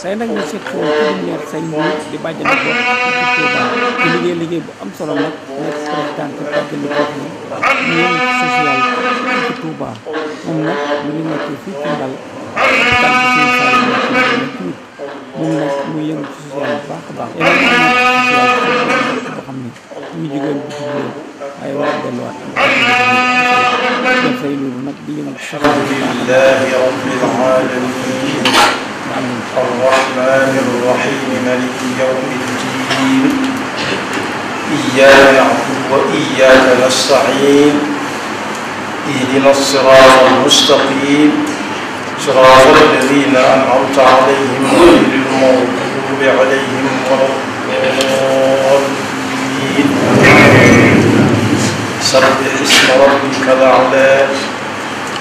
tey nag ñu seet woon pépinière say mbuur di bàjjale ko ci Touba di liggéey liggéey bu am solo nag nekk présidente bàjjale gox yi ñëw social ci Touba moom nag mu ngi nekk fii ci Ndal moom nag muy yëngu ci social bu baax a baax boo xam ne ñu jigéen bu ci jigéen waaye war a delluwaat dafay loolu nag di yëngu ci social الرحمن الرحيم ملك يوم الدين إياك نعبد وإياك نستعين اهدنا الصراط المستقيم صراط الذين أنعمت عليهم غير المغضوب عليهم ولا الضالين سبح اسم ربك الأعلى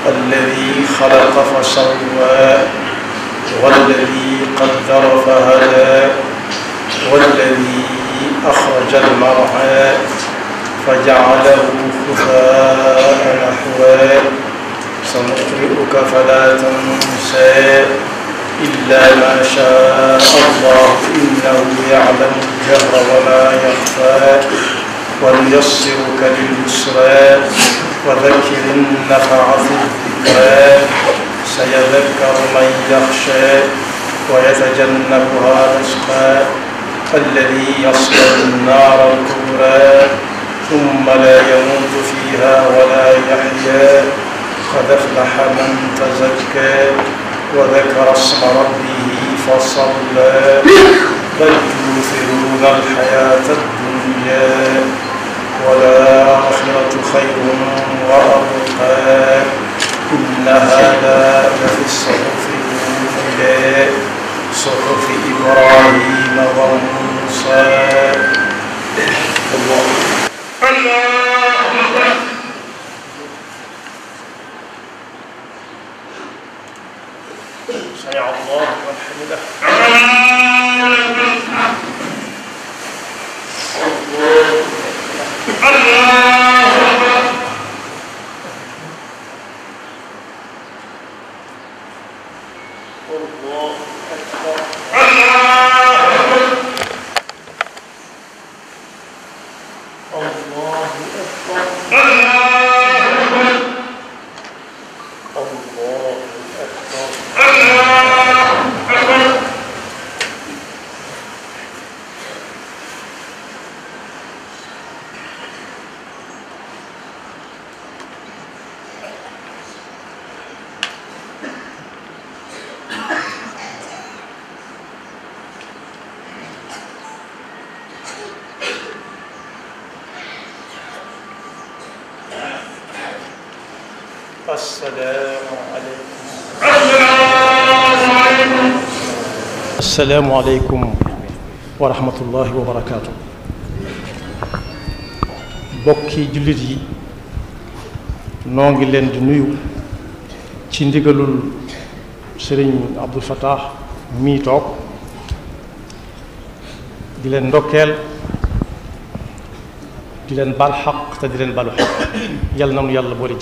الذي خلق فسوى والذي فجعله كفاء نحوه سنقرئك فلا تنسى إلا ما شاء الله إنه يعلم الجهر وما يخفى ونيسرك لليسرى وذكر النفع في الذكرى سيذكر من يخشى ويتجنبها الأشقى الذي يصلى النار الكبرى ثم لا يموت فيها ولا يحيا قد افلح من تزكى وذكر اسم ربه فصلى بل تؤثرون الحياة الدنيا والآخرة خير وأبقى إن هذا 어, 뭐, 뭐, السلام عليكم ورحمة الله وبركاته بوكي جلدي نونغي لين دي نيو تي سرين سيرين عبد الفتاح مي توك دي لين دوكيل دي لين بالحق تا دي بالحق يالنا يالا بوري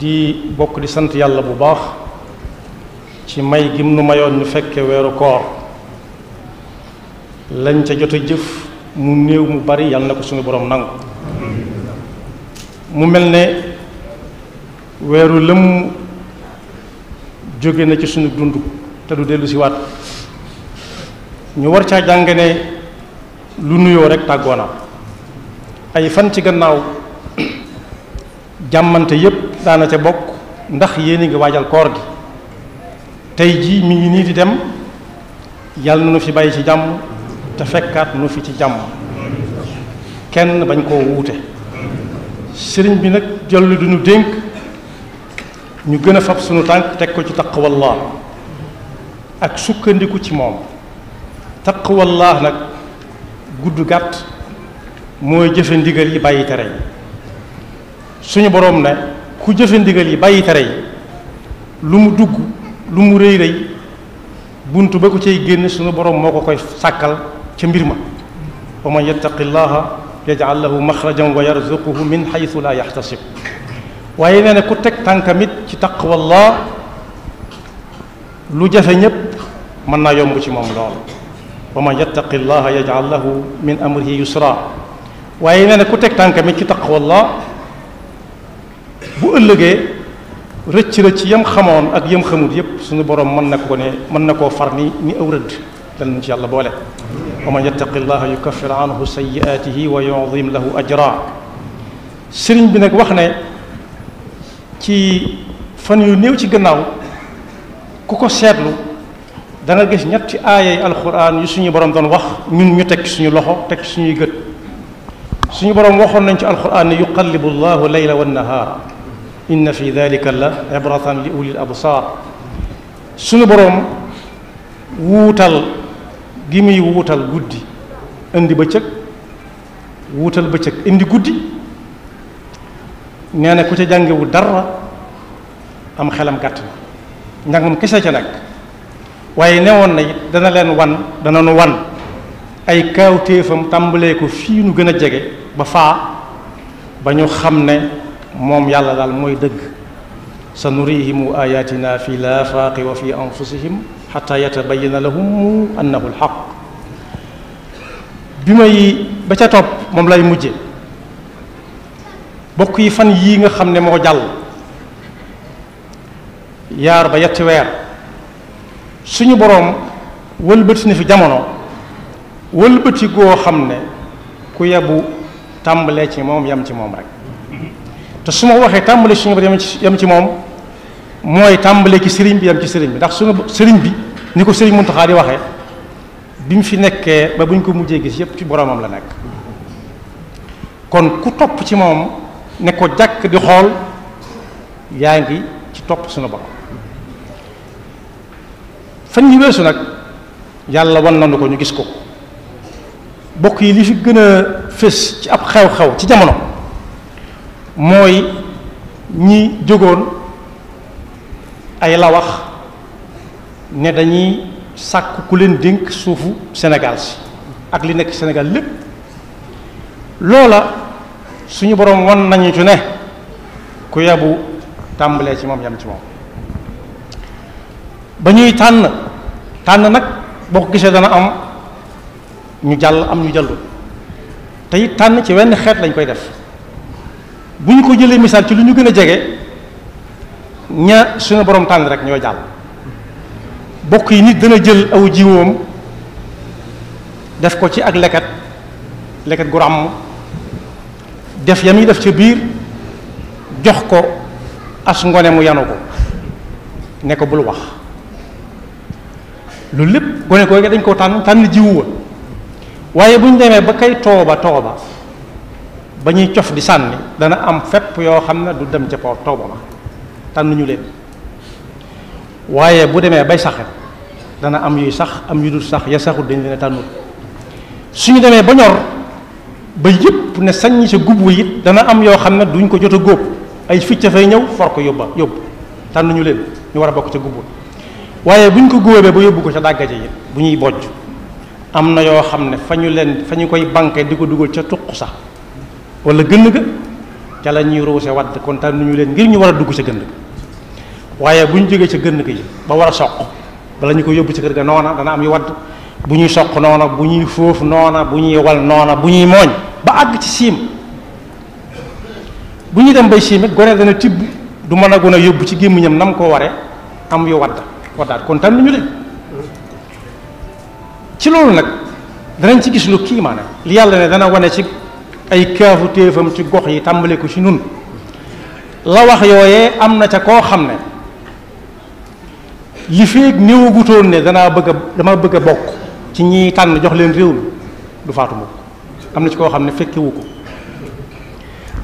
di bokk di sant yàlla bu baax ci may gim nu mayoon ñu fekke weeru koor lañ ca jot a jëf mu néew mu bari yàlla na ko suñu boroom nangu mu mel ne weeru lëmm jóge na ci suñu dund te du dellu waat ñu war caa jàng ne lu nuyoo rek tàggoona ay fan ci gannaaw jàmmante yépp daana ca bokk ndax yéen a ngi waajal koor gi tey jii mi ngi nii di dem yàlla na nu fi bàyyi ci jàmm te fekkaat nu fi ci jàmm kenn bañ koo wuute sëriñ bi nag jolli duñu dénk ñu gën a fab sunu tànk teg ko ci taqwallah ak sukkandiku ci moom taqwallah nag gudd gàtt mooy jëfe ndigal yi bàyyi tere suñu boroom ne ku jëfe ndigal yi bàyyi tare yi lu mu dugg lu mu rëy rëy buntu ba ko cay génn suñu borom moo ko koy sàkkal ca mbir ma wa man yattaqi llaha yaj'al lahu maxrajan wa yarzuquhu min xaytu la yaxtasib waaye nee na ku teg tànkamit ci taqwallah lu jafe ñépp mën naa yomb ci moom lool wa man yattaqi llaha yaj'al lahu min amrihi yusra waaye nee na ku teg tànkamit ci taqwallah ëllëgé rëcc rëcc yam xamoon ak yam xamut yépp suñu borom mën na ko ne mën na koo far ni ni aw rëdd dal ci yàlla boole wa man yattaqillaha yukaffiru anhu sayyi'atihi wa yudim lahu ajra sëriñ bi nag wax ne ci fan yu néew ci gannaaw ku ko seetlu da nga gis ñetti aayay alquran yu suñu borom doon wax ñun ñu teg suñu loxo teg suñuy gët suñu borom waxoon nañ ci alquran ne yuqallibu llahu layla wa nahara inna fi dalika la ibratan li ulil absar suñu boroom wuutal gi muy wuutal guddi indi bëccëg wuutal bëccëg indi guddi nee na ku ci jàngewu dara am xelam gàtt na njàngum kese ca nag waaye newoon na it dana leen wan dana nu wan ay kaawtéefam tàmbalee ko fii nu gën a jege ba faa ba ñu xam ne moom yàlla daal mooy dëgg sa nurihimu ayatina fi laafaaqi wa fi anfusihim xata yatabayana lahum annahu alxaq bi may ba ca topp moom lay mujje bokk yi fan yii nga xam ne moo jàll yaar ba yetti weer suñu boroom wëlbati na fi jamono wëlbati goo xam ne ku yebu tàmbalee ci moom yam ci moom rek te su ma waxee je suñu yam yam ci moom mooy tàmbale ci sëriñ bi yam ci sëriñ bi ndax suñu sëriñ bi ni ko sëriñ di fi nekkee ba buñ ko mujjee gis yépp ci boromam la nekk kon ku topp ci moom ne ko di xool yaa ci topp suñu borom fan ñu weesu nag yàlla wan ko ñu gis ko bokk li fi a ci ab xew-xew ci mooy ñi jógoon ay lawax ne dañuy sàkk ku leen dink suufu Sénégal si ak li nekk Sénégal lépp loola suñu boroom wan nañu ci ne ku yabu tàmbalee ci moom yam ci moom ba ñuy tànn tànn nag boo ko gisee dana am ñu jàll am ñu jàllu te it tànn ci wenn xeet lañ koy def buñ ko jëlé misal ci luñu gëna gën ña suñu borom tan rek ñoo jall bokk yi nit dana jël aw jiwoom def ko ci ak leket leket gu ram def yami def ci biir jox ko as ngone mu yanu ne ko bul wax lu lepp gone ko dañ ko tan tan jiwu wa waaye buñ démé ba kay toba toba ba ñuy cof di sànni dana am fépp yoo xam ne du dem ca po tooba ma tànnuñu leen waaye bu demee bay saxet dana am yuy sax am yu dul sax ya saxul dañ leen a tànnul suñu demee ba ñor ba yëpp ne sañ sa gubb it dana am yoo xam ne duñ ko jot a góob ay ficca ñëw for ko yóbba yóbbu tànnuñu leen ñu war a bokk ca gubb waaye buñ ko góobee ba yóbbu ko ca dàggaje yi bu ñuy bojj am na yoo xam ne fa ñu leen fa ñu koy banqué di ko dugal ca tuq sax wala gënn ga ca la ñuy ruuse wadd kontaan nu ñu leen ngir ñu war a dugg ca gën ga waaye bu ñu jógee ca gënn ga yi ba war a soq bala ñu ko yóbbu ci kër ga noona dana am yu wadd bu ñuy soq noona bu ñuy foofu noona bu ñuy wal noona bu ñuy mooñ ba àgg ci siim bu ñuy dem bay siim it gone dana tibb du mën a gën a yóbbu ci gémmiñam nam ko waree am yu wadd waddaat kontaan nu ñu leen ci loolu nag danañ ci gis lu kii maanaam li yàlla ne dana wane ci ay kaafu téefam ci gox yi tàmbale ko ci nun la wax yooyee am na ca koo xam ne li feeg néewagutoon ne danaa bëgg dama bëgg bokk ci ñiy tànn jox leen réew mi du faatu mukk am na ci koo xam ne fekkewu ko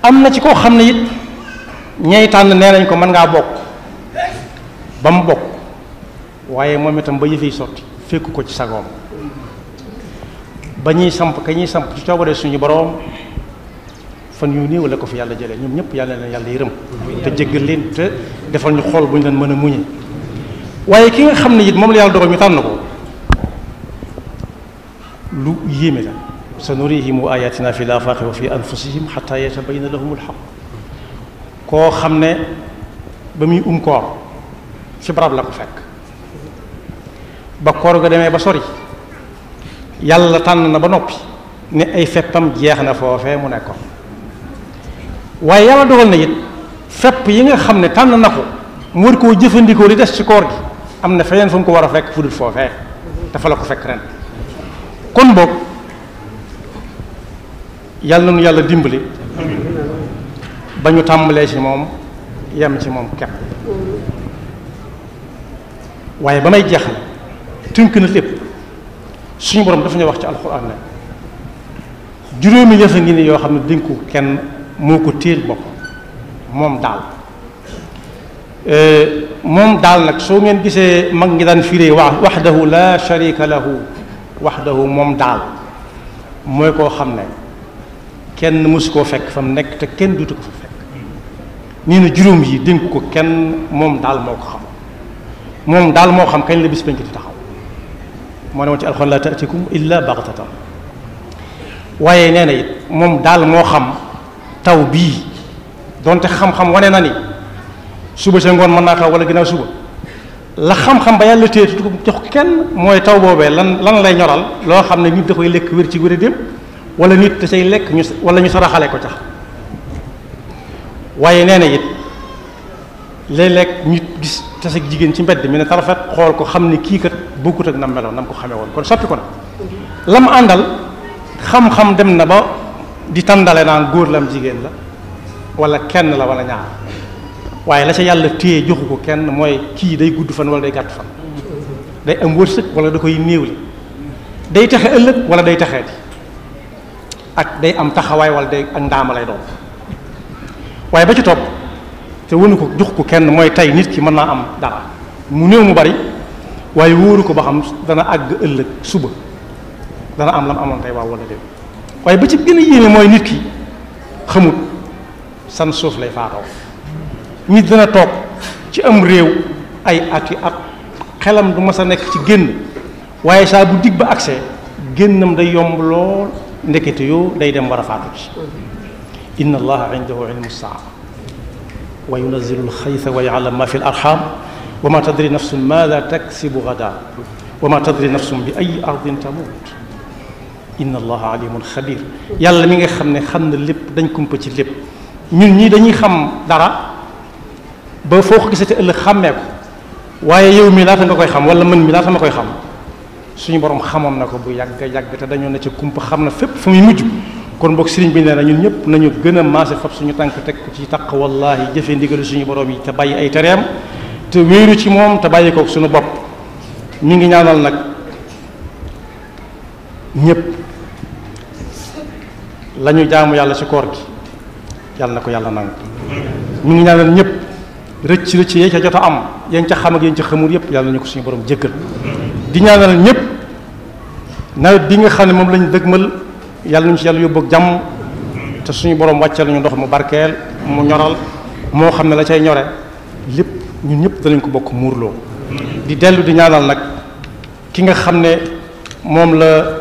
am na ci koo xam ne it ñay tànn nee nañ ko mën ngaa bokk ba mu bokk waaye moom itam ba yëfey sotti fekku ko ci sagoom ba ñuy samp ka ñuy samp ci coobaree suñu boroom fan yu néew la ko fi yàlla jale ñom ñep yàlla na yàlla yërëm te jéggal leen te defal ñu xol buñu leen mëna a muñe waaye ki nga xam yit mom la yàlla dogal ñu tan ko lu yéme la sanurihim ayatina fi laafaaqi wa fi anfusihim hatta yatabayna lahum alxaq koo xam ne ba muy um koor ci barab la ko fekk ba koor ga demee ba sori yàlla tànn na ba noppi ne ay feppam jeex na foofee mu nekkoon waaye yàlla dogal na it fepp yi nga xam ne tànn na ko mu war koo jëfandikoo li des ci koor gi am na feneen fu mu ko war a fekk fu dul foofee dafa la ko fekk ren kon boog yàlla nañu yàlla dimbali ba ñu tàmbalee ci moom yem ci moom kepp waaye ba may jeexal tënk na lépp suñu borom dafa ñu wax ci alxuraan ne juróomi yëf ngi ni yoo xam ne dénku kenn moko teel téel mom dal euh mom dal nak so ngeen gisee mag ngi dan firé wax wahdahu la sharika lahu wahdahu mom dal moy ko xamne kenn mësu ko fekk fam nek te kenn dutu ko fekk nii na juróom yi dénk ko kenn mom dal moko xam mom dal mo xam kañ la bis penki taxaw mo ne won ci alkhon la ta'tikum illa baghtatan waye neena yit mom dal mo xam taw bii donte xam-xam wane na ni suba sa ngoon mën naa taw wala ginnaaw suba la xam-xam ba yàlla téye jox kenn mooy taw boobee lan lan lay ñoral loo xam ne nit da lekk wér ci wér dem wala nit da lekk ñu wala ñu saraxale ko tax waaye nee na it léeg lekk nit gis tase jigéen ci mbedd mi ne tarafet xool ko xam ne kii kat bokkut ak nam meloon nam ko xamee woon kon soppi ko na lam àndal xam-xam dem na ba. di tàndale naan góor lam jigéen la wala kenn la wala ñaar waaye la ca yàlla téye joxu ko kenn mooy kii day gudd fan wala day gàtt fan day am wërsëg wala da koy néewli day taxe ëllëg wala day taxeeti ak day am taxawaay wala day ak ndaama lay doon waaye ba ci topp te wënu ko jox ko kenn mooy tey nit ki mën naa am dara mu néew mu bari waaye wóoru ko ba xam dana àgg ëllëg suba dana am lam amoon tey waaw walla déet waaye ba ci gëna a moy nit ki xamut san suuf lay faato nit dana tok ci am rew ay ati ak xelam du mas a nekk ci génn waye sa bu dig ba accès génnam day yomb lool ndekete yo day dem wara faatu ci inna allah indahu ilmu saa wa al-khaytha wa yaalam ma fi al-arham wa ma tadri nafsun maada taksibu ghadan wa ma tadri nafsun bi ayyi ardin tamut inna allaha alimun xabir yàlla mi nga xam ne xam na lépp dañ kumpa ci lépp ñun ñi dañuy xam dara ba foo ko gisati ëllëg xàmmee ko waaye yow mi laata nga koy xam wala mën mi laata ma koy xam suñu borom xamoon na ko bu yàgg yàgg te dañoo ne ci kumpa xam na fépp fu muy mujj kon boog sëriñ bi nee na ñun ñëpp nañu gën a maase fab suñu tànk teg ko ci taq wallahi jëfe ndigalu suñu borom yi te bàyyi ay tereem te wéeru ci moom te bàyyi kook suñu bopp mi ngi ñaanal nag ñëpp lañu ñu jaamu yàlla ci koor gi yàlla na ko yàlla nangu ñu ngi ñaanal ñëpp rëcc rëcc yee ca jot am yéen ca xam ak yéen ca xamul yëpp yàlla nañu ko suñu borom jéggal di ñaanal ñëpp nawet bi xam ne moom lañu dëgmal yàlla nañu ci yàlla yóbbu ak suñu borom wàcceel ndox mu barkeel mu ñoral moo xam ne la cay ñore lépp ñun ñëpp ko bokk muurloo di dellu di ñaanal nag ki nga xam ne moom la.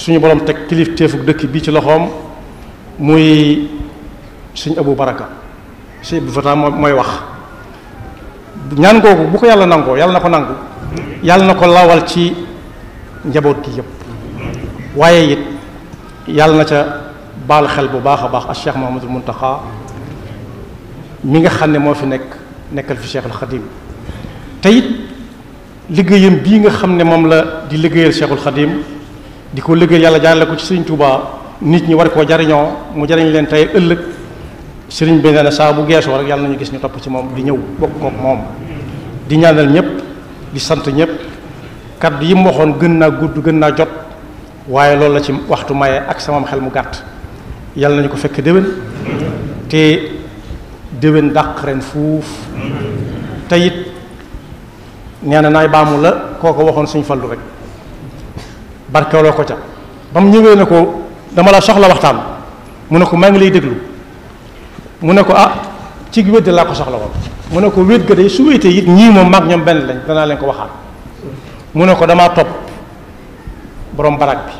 suñu borom teg kilifteefuk dëkk bii ci loxoom muy sëñ Abu Baraka bu Abdou Fatah mooy wax ñaan googu bu ko yàlla nangoo yàlla na ko nangu yàlla na ko lawal ci njaboot gi yëpp waaye it yàlla na ca baal xel bu baax a baax ak Cheikh Mahamadul Muntaxa mi nga xam ne moo fi nekk nekkal fi Cheikhul Xadim te liggéeyam bii nga xam ne moom la di liggéeyal Cheikhul Xadim di ko liggéey yàlla jaarale ko ci sëriñ Touba nit ñi war koo jariñoo mu jariñ leen tey ëllëg sëriñ bi nee na saa bu geesoo rek yàlla na ñu gis ñu topp ci moom di ñëw bokk kook moom di ñaanal ñëpp di sant ñëpp kaddu yi mu waxoon gën naa gudd gën naa jot waaye loolu la ci waxtu maye ak sama xel mu gàtt yàlla nañu ko fekk déwén te déwén dàq ren fuuf te it nee na naay baamu la koo ko waxoon suñ fallu rek barkeeloo ko ca ba mu ñëwee ne ko dama laa soxla waxtaan mu ne ko maa ngi lay déglu mu ne ko ah ci wéet laa ko soxla woon mu ne ko wéet ga de su wéetee it ñii moom maag ñoom benn lañ danaa leen ko waxaat mu ne ko damaa topp borom barak bi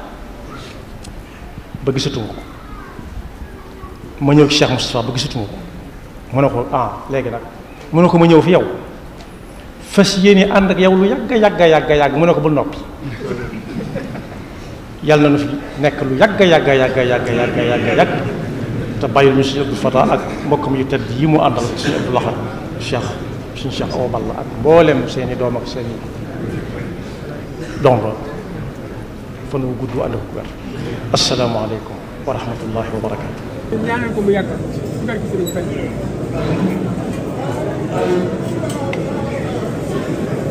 ba gisatuma ko ma ñëw ci Cheikh Moustapha ba gisatuma ko mu ne ko ah léegi nag mu ne ko ma ñëw fi yow fas yéene ànd ak yow lu yàgg yàgg yàgg yàgg mu ne ko bul noppi yàlla na fi nek lu yàgg yàgg yàgg yàgg yàgg yàgg yàgg ta bàyyil ñu suñu Abdou Fata ak mbokam yu tedd yi mu àndal suñu Abdou Lahat Cheikh sun Cheikh o Balla ak mboolem seeni dom ak seeni dongo fa nu guddu ànd ko wér alaykum wa rahmatullahi wa barakatuh ñaanal ko mu yàgg su barke Sëriñ Fay